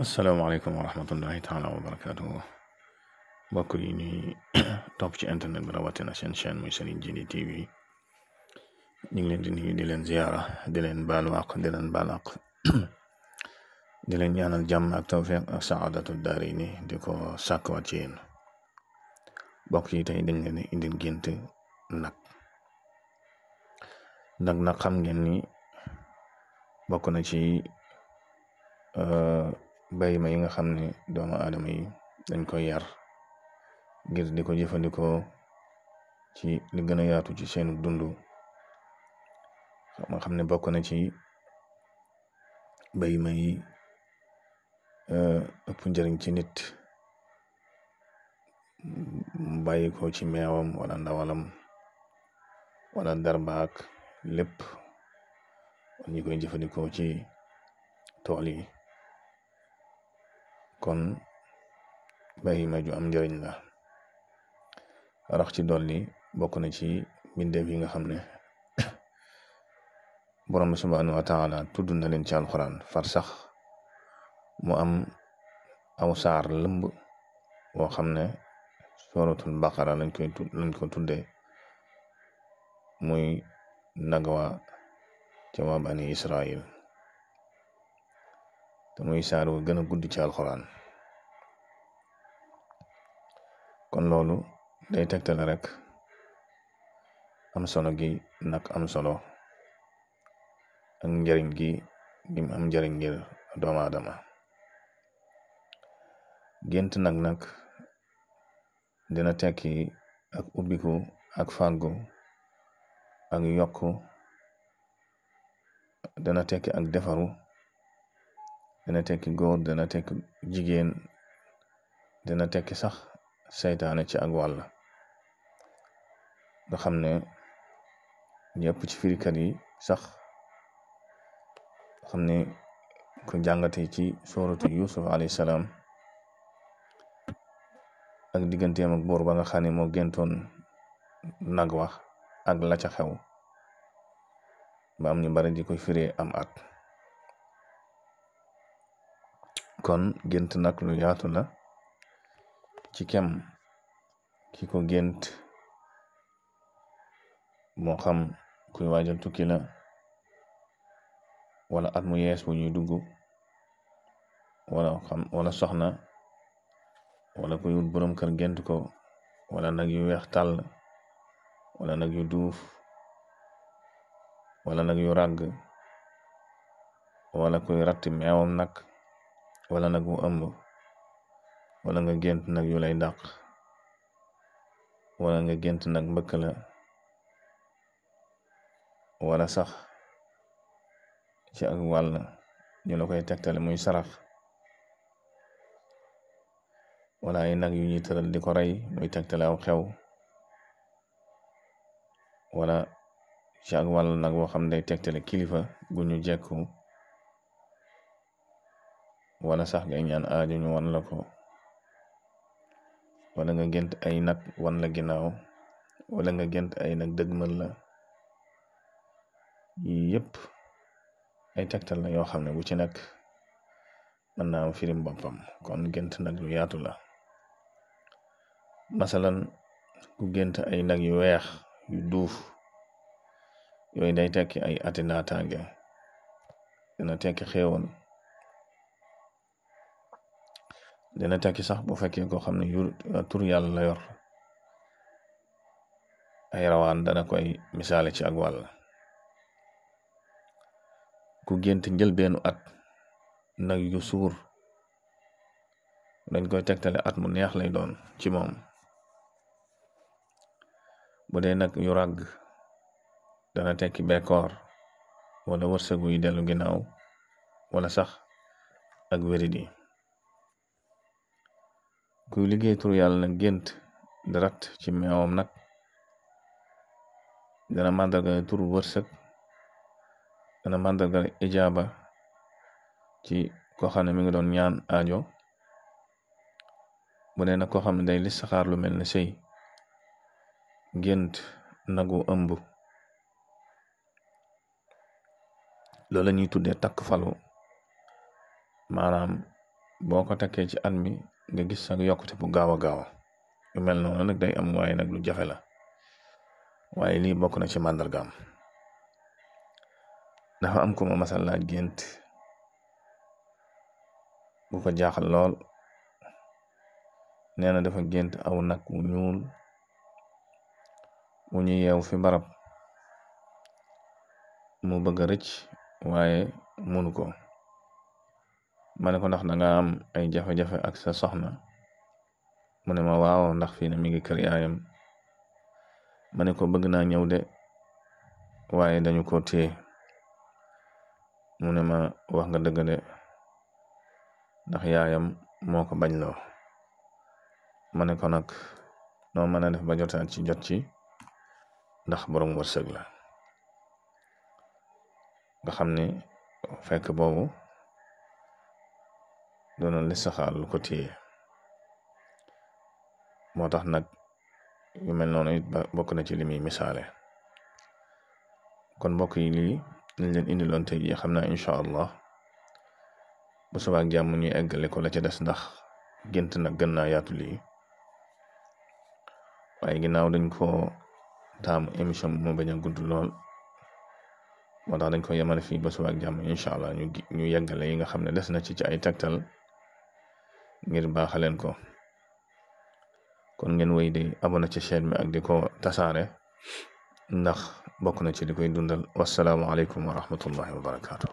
asalaamaaleykum wa rahmatullahi taala wa barakaatuhu mbokk yi ñuy topp ci internet bi rawatina seen chaîne muy Serigne Djily TV ñu ngi leen di nuyu di leen ziyaara di leen baalu àq di leen baal ñaanal jàmm ak tawfiq ak saadatu daari ni di ko sàkkwaat ci yéen mbokk yi tey dañ leen indil gént nag nag xam ngeen ni bokk na ci. Euh, bay ma yi nga xam ne doomu aadama yi dañ koy yar ngir di ko jëfandikoo ci li gën a yaatu ci seenu dund nga xam ne bokk na ci bay ma yi eh, ëpp njëriñ ci nit bàyyi ko ci meewam wala ndawalam wala darbaak lépp ñu koy jëfandikoo ci tool yi kon bahima ju am njëriñ la rax ci dolli bokk na ci mbindeef yi nga xam ne borom bi subhanahu wa taala tudd na leen ci alxuraan far sax mu am aw saar lëmb xam ne suratul baqara lañ koy lañ ko tudde muy nagawa ca waa bani israil te muy saar wu gën a gudd ci alxuraan kon loolu day tegtale rek am solo gi nag am solo ak njëriñ gi gim am njëriñ ngir doomu adama gént nag nag dina tekki ak ubbiku ak fàggu ak yokku dana tekki ak defaru dana tekki góor dana tekki jigéen dana tekki sax saytaane ci ag walla nga xam ne ñëpp ci firikat yi sax xam ne ko jàngate ci sooratu yusuf alayhi salaam ak digganteem ak boor nga xam ne moo géntoon nag wax ak la ca xew ba am ñu bari di koy firee am at kon gént nag lu yaatu la ci kem ki gént moo xam kuy waajal tukki la wala at mu yees bu ñuy dugg wala xam wala soxna wala kuy wut borom kër gént ko wala nag yu weex tàll wala nag yu duuf wala nag yu ràgg wala kuy ratti meewam nag wala nag mu ëmb wala nga gént nag yu lay dàq wala nga gént nag mbëkk wala sax ci ak wàll ñu la koy tegtale muy sarax wala ay nag yu ñuy tëral di ko rey muy tegtale aw xew wala ci ak wàll nag boo xam ne day tegtale kilifa gu ñu jekku wala sax ngay ñaan aajo ñu wan la ko wala nga gént ay nag wan la ginnaaw wala nga gént ay nag dëgmal la yépp yëpp ay tegtal la yoo xam ne bu ci nekk mën naa am firim boppam kon gént nag lu yaatu la masalan ku gent ay nag yu weex yu duuf yooyu day tekki ay ati naataange dana tekki xéewal dina tekki sax bu fekkee koo xam ne yu tur yàlla la yor ay rawaan dana koy misaale ci ak wàll ku gént njëlbeenu at nag yu suur dañ koy tektale at mu neex lay doon ci moom bu dee nag yu ràgg dana tekki bekkoor wala wërsëgu yi dellu ginnaaw wala sax ak wéridi kuy liggéey tur yàlla nag gént darat ci meewam nag dana màndargal tur wërsëg dana màndargal ijaaba ci koo xam ne mi ngi doon ñaan ajo bu dee nag koo xam ne day listixaar lu mel ne sey gént nagu ëmb loolu la ñuy tuddee takk falu maanaam boo ko takkee ci at mi nga gis ak yokkute bu gaaw a gaaw yu mel noonu nag day am waaye nag lu jafe la waaye lii bokk na ci màndargam dafa am ku ma masal laaj gént bu ko jaaxal lool nee na dafa gént aw nag wu ñuul wu ñu yeew fi barab mu bëgg a rëcc waaye munu ko ma ne ko ndax da am ay jafe-jafe ak sa soxna mu ne waaw ndax fii ne mi ngi kër yaayam ma ne ko bëgg naa ñëw de waaye dañu ko téye mu ne ma wax nga dëgg de ndax yaayam moo ko bañ loo ma ne ko nag noo mën a def ba jotaat ci jot ci ndax borom wërsëg la nga xam ne fekk boobu doonoon listixaar lu ko téye moo tax nag yu mel noonu it bokk na ci li muy misaale kon mbokk yi lii lañ leen indi loon tey jii xam naa incha allah bu subaak jàmm ñu eggale ko la ca des ndax gënt nag gën naa yaatu lii waaye ginnaaw dañ ko taamu émission bi mu bañ a gudd lool moo tax dañ ko yemale fii ba subaak jàmm incha allah ñu ñu yeggale yi nga xam ne des na ci ci ay tegtal ngir baaxaleen ko kon ngeen wéy di abonné ci chaîne bi ak di ko tasaare ndax bokk na ci li koy dundal wasalaamualeykum wa rahmatullahi wa barakaatu.